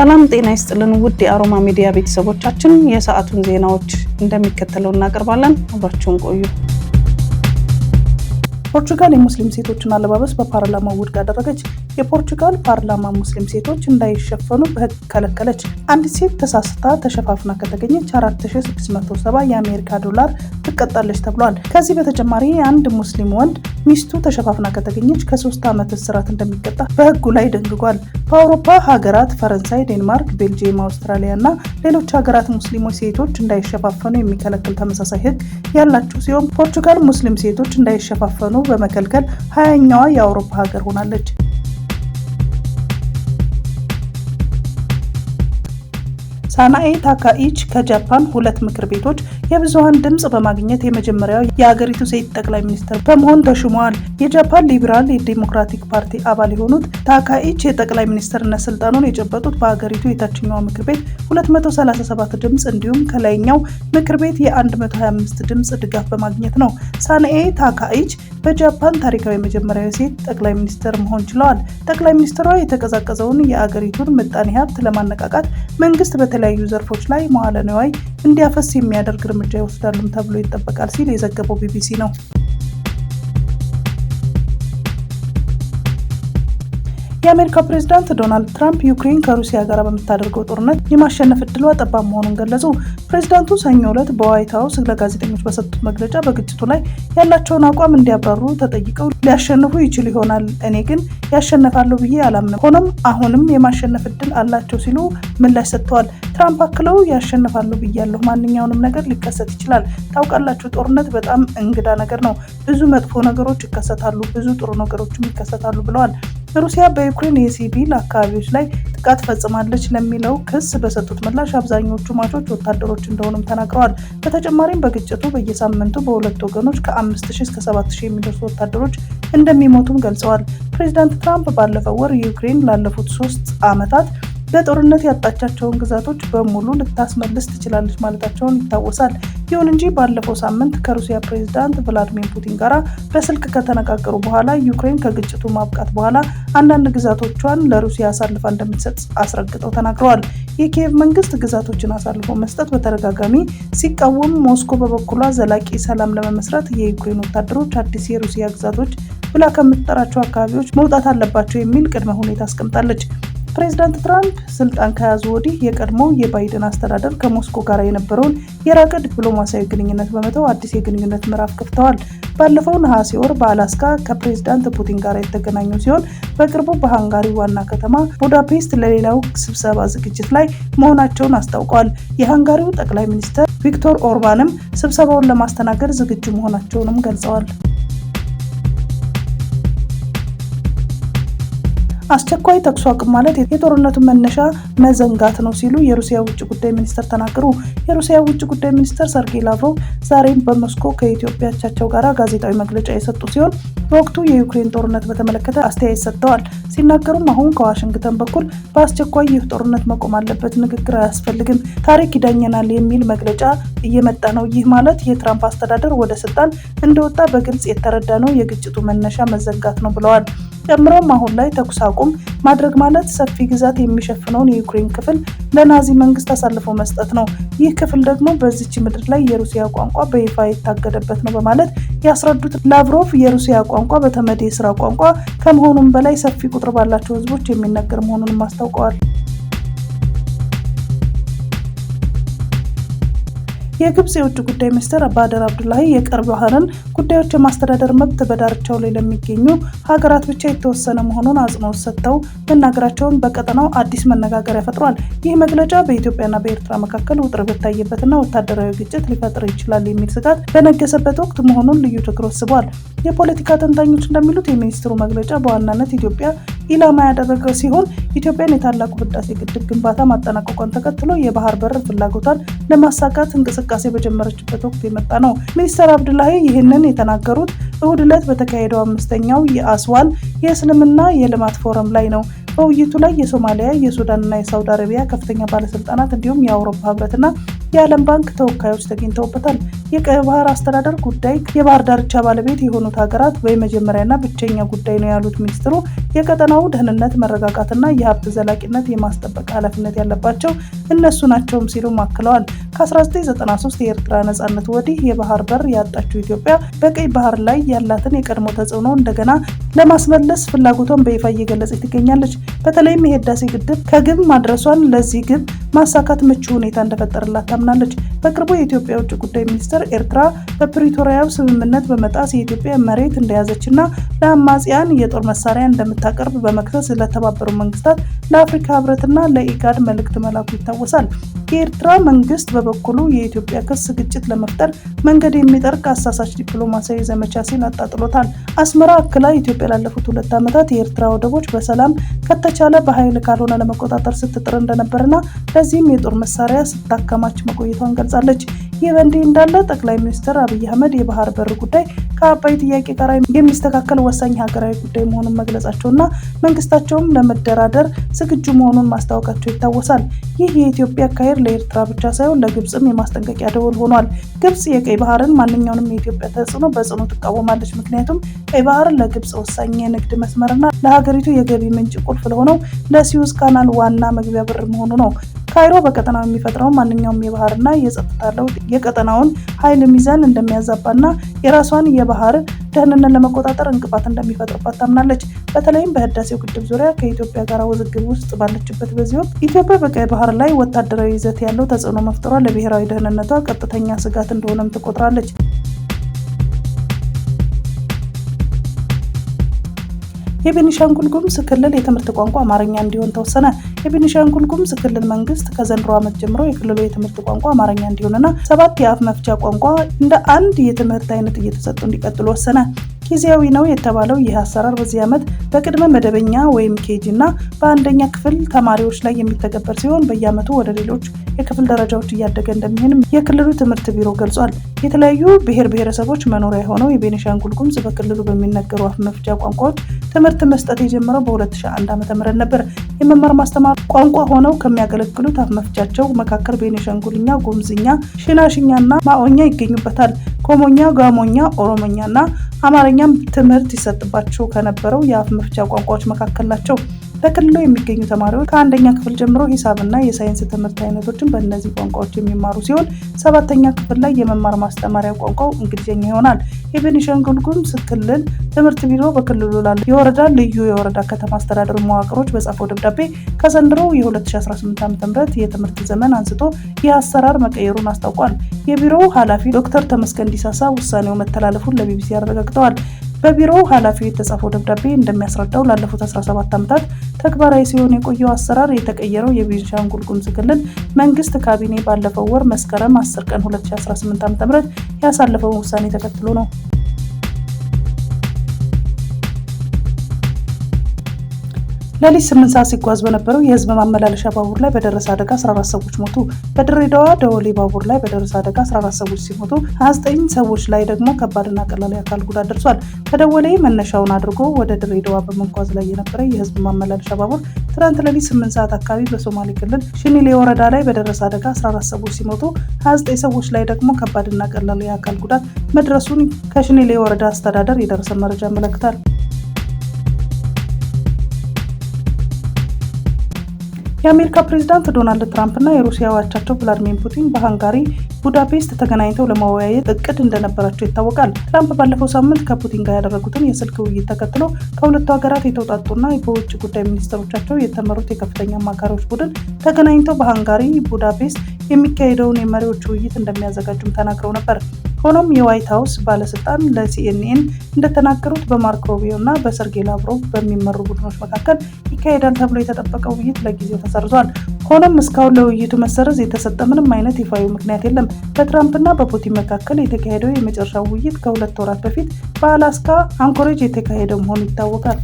ሰላም ጤና ይስጥልን ውድ የአሮማ ሚዲያ ቤተሰቦቻችን፣ የሰዓቱን ዜናዎች እንደሚከተለው እናቀርባለን። አብራችሁን ቆዩ። ፖርቹጋል የሙስሊም ሴቶችን አለባበስ በፓርላማው ውድቅ አደረገች። የፖርቹጋል ፓርላማ ሙስሊም ሴቶች እንዳይሸፈኑ በህግ ከለከለች። አንዲት ሴት ተሳስታ ተሸፋፍና ከተገኘች 4670 የአሜሪካ ዶላር ትቀጣለች ተብሏል። ከዚህ በተጨማሪ አንድ ሙስሊም ወንድ ሚስቱ ተሸፋፍና ከተገኘች ከሶስት ዓመት እስራት እንደሚቀጣ በህጉ ላይ ደንግጓል። በአውሮፓ ሀገራት ፈረንሳይ፣ ዴንማርክ፣ ቤልጅየም፣ አውስትራሊያ እና ሌሎች ሀገራት ሙስሊሞች ሴቶች እንዳይሸፋፈኑ የሚከለክል ተመሳሳይ ህግ ያላቸው ሲሆን ፖርቹጋል ሙስሊም ሴቶች እንዳይሸፋፈኑ በመከልከል ሀያኛዋ የአውሮፓ ሀገር ሆናለች። ሳናኤ ታካኢች ከጃፓን ሁለት ምክር ቤቶች የብዙሀን ድምፅ በማግኘት የመጀመሪያው የአገሪቱ ሴት ጠቅላይ ሚኒስትር በመሆን ተሹመዋል። የጃፓን ሊብራል የዲሞክራቲክ ፓርቲ አባል የሆኑት ታካኢች የጠቅላይ ሚኒስትርነት ስልጣኑን የጨበጡት በአገሪቱ የታችኛው ምክር ቤት 237 ድምፅ እንዲሁም ከላይኛው ምክር ቤት የ125 ድምፅ ድጋፍ በማግኘት ነው። ሳናኤ ታካኢች በጃፓን ታሪካዊ የመጀመሪያው ሴት ጠቅላይ ሚኒስትር መሆን ችለዋል። ጠቅላይ ሚኒስትሯ የተቀዛቀዘውን የአገሪቱን ምጣኔ ሀብት ለማነቃቃት መንግስት በተ በተለያዩ ዘርፎች ላይ መዋለ ንዋይ እንዲያፈስ የሚያደርግ እርምጃ ይወስዳሉም ተብሎ ይጠበቃል ሲል የዘገበው ቢቢሲ ነው። የአሜሪካ ፕሬዚዳንት ዶናልድ ትራምፕ ዩክሬን ከሩሲያ ጋር በምታደርገው ጦርነት የማሸነፍ እድሏ ጠባብ መሆኑን ገለጹ። ፕሬዚዳንቱ ሰኞ ዕለት በዋይት ሀውስ ለጋዜጠኞች በሰጡት መግለጫ በግጭቱ ላይ ያላቸውን አቋም እንዲያብራሩ ተጠይቀው ሊያሸንፉ ይችሉ ይሆናል፣ እኔ ግን ያሸነፋለሁ ብዬ አላምንም፣ ሆኖም አሁንም የማሸነፍ እድል አላቸው ሲሉ ምላሽ ሰጥተዋል። ትራምፕ አክለው ያሸንፋለሁ ብያለሁ፣ ማንኛውንም ነገር ሊከሰት ይችላል። ታውቃላችሁ፣ ጦርነት በጣም እንግዳ ነገር ነው። ብዙ መጥፎ ነገሮች ይከሰታሉ፣ ብዙ ጥሩ ነገሮችም ይከሰታሉ ብለዋል። ሩሲያ በዩክሬን የሲቪል አካባቢዎች ላይ ጥቃት ፈጽማለች ለሚለው ክስ በሰጡት ምላሽ አብዛኞቹ ማቾች ወታደሮች እንደሆኑም ተናግረዋል። በተጨማሪም በግጭቱ በየሳምንቱ በሁለት ወገኖች ከ5000 እስከ 7000 የሚደርሱ ወታደሮች እንደሚሞቱም ገልጸዋል። ፕሬዚዳንት ትራምፕ ባለፈው ወር ዩክሬን ላለፉት ሶስት ዓመታት በጦርነት ያጣቻቸውን ግዛቶች በሙሉ ልታስመልስ ትችላለች ማለታቸውን ይታወሳል። ይሁን እንጂ ባለፈው ሳምንት ከሩሲያ ፕሬዚዳንት ቭላድሚር ፑቲን ጋር በስልክ ከተነጋገሩ በኋላ ዩክሬን ከግጭቱ ማብቃት በኋላ አንዳንድ ግዛቶቿን ለሩሲያ አሳልፋ እንደምትሰጥ አስረግጠው ተናግረዋል። የኪየቭ መንግስት ግዛቶችን አሳልፎ መስጠት በተደጋጋሚ ሲቃወም፣ ሞስኮ በበኩሏ ዘላቂ ሰላም ለመመስረት የዩክሬን ወታደሮች አዲስ የሩሲያ ግዛቶች ብላ ከምትጠራቸው አካባቢዎች መውጣት አለባቸው የሚል ቅድመ ሁኔታ አስቀምጣለች። ፕሬዚዳንት ትራምፕ ስልጣን ከያዙ ወዲህ የቀድሞ የባይደን አስተዳደር ከሞስኮ ጋር የነበረውን የራቀ ዲፕሎማሲያዊ ግንኙነት በመተው አዲስ የግንኙነት ምዕራፍ ከፍተዋል። ባለፈው ነሐሴ ወር በአላስካ ከፕሬዚዳንት ፑቲን ጋር የተገናኙ ሲሆን በቅርቡ በሃንጋሪ ዋና ከተማ ቡዳፔስት ለሌላው ስብሰባ ዝግጅት ላይ መሆናቸውን አስታውቀዋል። የሃንጋሪው ጠቅላይ ሚኒስትር ቪክቶር ኦርባንም ስብሰባውን ለማስተናገድ ዝግጁ መሆናቸውንም ገልጸዋል። አስቸኳይ ተኩስ አቁም ማለት የጦርነቱን መነሻ መዘንጋት ነው ሲሉ የሩሲያ ውጭ ጉዳይ ሚኒስትር ተናገሩ። የሩሲያ ውጭ ጉዳይ ሚኒስትር ሰርጌይ ላቭሮቭ ዛሬም በሞስኮ ከኢትዮጵያ አቻቸው ጋር ጋዜጣዊ መግለጫ የሰጡ ሲሆን በወቅቱ የዩክሬን ጦርነት በተመለከተ አስተያየት ሰጥተዋል። ሲናገሩም አሁን ከዋሽንግተን በኩል በአስቸኳይ ይህ ጦርነት መቆም አለበት፣ ንግግር አያስፈልግም፣ ታሪክ ይዳኘናል የሚል መግለጫ እየመጣ ነው። ይህ ማለት የትራምፕ አስተዳደር ወደ ስልጣን እንደወጣ በግልጽ የተረዳ ነው፣ የግጭቱ መነሻ መዘንጋት ነው ብለዋል። ጨምሮም አሁን ላይ ተኩስ አቁም ማድረግ ማለት ሰፊ ግዛት የሚሸፍነውን የዩክሬን ክፍል ለናዚ መንግስት አሳልፎ መስጠት ነው። ይህ ክፍል ደግሞ በዚች ምድር ላይ የሩሲያ ቋንቋ በይፋ የታገደበት ነው በማለት ያስረዱት ላቭሮቭ የሩሲያ ቋንቋ በተመድ የስራ ቋንቋ ከመሆኑም በላይ ሰፊ ቁጥር ባላቸው ህዝቦች የሚነገር መሆኑንም አስታውቀዋል። የግብጽ የውጭ ጉዳይ ሚኒስትር ባደር አብዱላሂ የቀይ ባህርን ጉዳዮች የማስተዳደር መብት በዳርቻው ላይ ለሚገኙ ሀገራት ብቻ የተወሰነ መሆኑን አጽንኦት ሰጥተው መናገራቸውን በቀጠናው አዲስ መነጋገሪያ ፈጥሯል። ይህ መግለጫ በኢትዮጵያና በኤርትራ መካከል ውጥረት በታየበትና ወታደራዊ ግጭት ሊፈጥር ይችላል የሚል ስጋት በነገሰበት ወቅት መሆኑን ልዩ ትኩረት ስቧል። የፖለቲካ ተንታኞች እንደሚሉት የሚኒስትሩ መግለጫ በዋናነት ኢትዮጵያ ኢላማ ያደረገ ሲሆን ኢትዮጵያን የታላቁ ህዳሴ ግድብ ግንባታ ማጠናቀቋን ተከትሎ የባህር በር ፍላጎቷን ለማሳካት እንቅስቃሴ እንቅስቃሴ በጀመረችበት ወቅት የመጣ ነው። ሚኒስተር አብዱላሂ ይህንን የተናገሩት እሁድ ዕለት በተካሄደው አምስተኛው የአስዋን የእስልምና የልማት ፎረም ላይ ነው። በውይይቱ ላይ የሶማሊያ የሱዳንና የሳውዲ አረቢያ ከፍተኛ ባለስልጣናት እንዲሁም የአውሮፓ ህብረትና የዓለም ባንክ ተወካዮች ተገኝተውበታል። የቀይ ባህር አስተዳደር ጉዳይ የባህር ዳርቻ ባለቤት የሆኑት ሀገራት በመጀመሪያና ብቸኛ ጉዳይ ነው ያሉት ሚኒስትሩ የቀጠናው ደህንነት መረጋጋትና የሀብት ዘላቂነት የማስጠበቅ ኃላፊነት ያለባቸው እነሱ ናቸውም ሲሉ አክለዋል። ከ1993 የኤርትራ ነጻነት ወዲህ የባህር በር ያጣችው ኢትዮጵያ በቀይ ባህር ላይ ያላትን የቀድሞ ተጽዕኖ እንደገና ለማስመለስ ፍላጎቷን በይፋ እየገለጸች ትገኛለች። በተለይም የህዳሴ ግድብ ከግብ ማድረሷን ለዚህ ግብ ማሳካት ምቹ ሁኔታ እንደፈጠርላት ታምናለች። በቅርቡ የኢትዮጵያ ውጭ ጉዳይ ሚኒስትር ኤርትራ በፕሪቶሪያው ስምምነት በመጣስ የኢትዮጵያ መሬት እንደያዘችና ለአማጽያን የጦር መሳሪያ እንደምታቀርብ በመክሰስ ለተባበሩ መንግስታት፣ ለአፍሪካ ህብረትና ለኢጋድ መልእክት መላኩ ይታወሳል። የኤርትራ መንግስት በበኩሉ የኢትዮጵያ ክስ ግጭት ለመፍጠር መንገድ የሚጠርግ አሳሳች ዲፕሎማሲያዊ ዘመቻ ሲል አጣጥሎታል። አስመራ አክላ ኢትዮጵያ ላለፉት ሁለት ዓመታት የኤርትራ ወደቦች በሰላም ከተቻለ በኃይል ካልሆነ ለመቆጣጠር ስትጥር እንደነበርና ለዚህም የጦር መሳሪያ ስታከማች መቆየቷን ገልጻለች። ይህ በእንዲህ እንዳለ ጠቅላይ ሚኒስትር አብይ አህመድ የባህር በር ጉዳይ ከአባይ ጥያቄ ጋር የሚስተካከል ወሳኝ ሀገራዊ ጉዳይ መሆኑን መግለጻቸውና መንግስታቸውም ለመደራደር ዝግጁ መሆኑን ማስታወቃቸው ይታወሳል። ይህ የኢትዮጵያ አካሄድ ለኤርትራ ብቻ ሳይሆን ለግብፅም የማስጠንቀቂያ ደወል ሆኗል። ግብፅ የቀይ ባህርን ማንኛውንም የኢትዮጵያ ተጽዕኖ በጽኑ ትቃወማለች። ምክንያቱም ቀይ ባህርን ለግብፅ ወሳኝ የንግድ መስመርና ለሀገሪቱ የገቢ ምንጭ ቁልፍ ለሆነው ለሲዩዝ ካናል ዋና መግቢያ በር መሆኑ ነው። ካይሮ በቀጠናው የሚፈጥረው ማንኛውም የባህርና የጸጥታ ለውጥ የቀጠናውን ኃይል ሚዛን እንደሚያዛባና የራሷን የባህር ደህንነት ለመቆጣጠር እንቅፋት እንደሚፈጥርባት ታምናለች። በተለይም በህዳሴው ግድብ ዙሪያ ከኢትዮጵያ ጋር ውዝግብ ውስጥ ባለችበት በዚህ ወቅት ኢትዮጵያ በቀይ ባህር ላይ ወታደራዊ ይዘት ያለው ተጽዕኖ መፍጠሯ ለብሔራዊ ደህንነቷ ቀጥተኛ ስጋት እንደሆነም ትቆጥራለች። የቤኒሻንጉል ጉምስ ክልል የትምህርት ቋንቋ አማርኛ እንዲሆን ተወሰነ። የቤኒሻንጉል ጉምስ ክልል መንግስት ከዘንድሮ ዓመት ጀምሮ የክልሉ የትምህርት ቋንቋ አማርኛ እንዲሆንና ሰባት የአፍ መፍቻ ቋንቋ እንደ አንድ የትምህርት አይነት እየተሰጡ እንዲቀጥሉ ወሰነ። ጊዜያዊ ነው የተባለው ይህ አሰራር በዚህ ዓመት በቅድመ መደበኛ ወይም ኬጂ እና በአንደኛ ክፍል ተማሪዎች ላይ የሚተገበር ሲሆን በየዓመቱ ወደ ሌሎች የክፍል ደረጃዎች እያደገ እንደሚሆንም የክልሉ ትምህርት ቢሮ ገልጿል። የተለያዩ ብሔር ብሔረሰቦች መኖሪያ የሆነው የቤኒሻንጉል ጉምዝ በክልሉ በሚነገሩ አፍ መፍቻ ቋንቋዎች ትምህርት መስጠት የጀመረው በ2001 ም ነበር። የመማር ማስተማር ቋንቋ ሆነው ከሚያገለግሉት አፍ መፍቻቸው መካከል ቤኒሻንጉልኛ፣ ጉምዝኛ፣ ሽናሽኛና ማኦኛ ይገኙበታል። ኮሞኛ፣ ጋሞኛ፣ ኦሮሞኛና አማርኛም ትምህርት ይሰጥባቸው ከነበረው የአፍ መፍቻ ቋንቋዎች መካከል ናቸው። በክልሉ የሚገኙ ተማሪዎች ከአንደኛ ክፍል ጀምሮ ሂሳብና የሳይንስ ትምህርት አይነቶችን በእነዚህ ቋንቋዎች የሚማሩ ሲሆን ሰባተኛ ክፍል ላይ የመማር ማስተማሪያ ቋንቋው እንግሊዝኛ ይሆናል። የቤኒሻንጉል ጉሙዝ ክልል ትምህርት ቢሮ በክልሉ ላሉ የወረዳ ልዩ የወረዳ ከተማ አስተዳደር መዋቅሮች በጻፈው ደብዳቤ ከዘንድሮ የ2018 ዓ.ም የትምህርት ዘመን አንስቶ የአሰራር መቀየሩን አስታውቋል። የቢሮው ኃላፊ ዶክተር ተመስገን ዲሳሳ ውሳኔው መተላለፉን ለቢቢሲ አረጋግጠዋል። በቢሮው ኃላፊው የተጻፈው ደብዳቤ እንደሚያስረዳው ላለፉት 17 ዓመታት ተግባራዊ ሲሆን የቆየው አሰራር የተቀየረው የቤንሻንጉል ጉሙዝ ክልል መንግስት ካቢኔ ባለፈው ወር መስከረም 10 ቀን 2018 ዓ.ም ያሳለፈውን ውሳኔ ተከትሎ ነው። ሌሊት ስምንት ሰዓት ሲጓዝ በነበረው የህዝብ ማመላለሻ ባቡር ላይ በደረሰ አደጋ 14 ሰዎች ሞቱ። በድሬዳዋ ደወሌ ባቡር ላይ በደረሰ አደጋ 14 ሰዎች ሲሞቱ 29 ሰዎች ላይ ደግሞ ከባድና ቀላል የአካል ጉዳት ደርሷል። ከደወሌ መነሻውን አድርጎ ወደ ድሬዳዋ በመጓዝ ላይ የነበረ የህዝብ ማመላለሻ ባቡር ትናንት ሌሊት 8 ሰዓት አካባቢ በሶማሌ ክልል ሽኒሌ ወረዳ ላይ በደረሰ አደጋ 14 ሰዎች ሲሞቱ 29 ሰዎች ላይ ደግሞ ከባድና ቀላል የአካል ጉዳት መድረሱን ከሽኒሌ ወረዳ አስተዳደር የደረሰ መረጃ ያመለክታል። የአሜሪካ ፕሬዚዳንት ዶናልድ ትራምፕና የሩሲያ አቻቸው ቭላዲሚር ፑቲን በሃንጋሪ ቡዳፔስት ተገናኝተው ለመወያየት እቅድ እንደነበራቸው ይታወቃል። ትራምፕ ባለፈው ሳምንት ከፑቲን ጋር ያደረጉትን የስልክ ውይይት ተከትሎ ከሁለቱ ሀገራት የተውጣጡና በውጭ ጉዳይ ሚኒስትሮቻቸው የተመሩት የከፍተኛ አማካሪዎች ቡድን ተገናኝተው በሃንጋሪ ቡዳፔስት የሚካሄደውን የመሪዎች ውይይት እንደሚያዘጋጁም ተናግረው ነበር። ሆኖም የዋይት ሀውስ ባለስልጣን ለሲኤንኤን እንደተናገሩት በማርክ ሩቢዮ እና በሰርጌ ላቭሮቭ በሚመሩ ቡድኖች መካከል ይካሄዳል ተብሎ የተጠበቀ ውይይት ለጊዜው ተሰርዟል። ሆኖም እስካሁን ለውይይቱ መሰረዝ የተሰጠ ምንም አይነት ይፋዊ ምክንያት የለም። በትራምፕ ና በፑቲን መካከል የተካሄደው የመጨረሻ ውይይት ከሁለት ወራት በፊት በአላስካ አንኮሬጅ የተካሄደ መሆኑ ይታወቃል።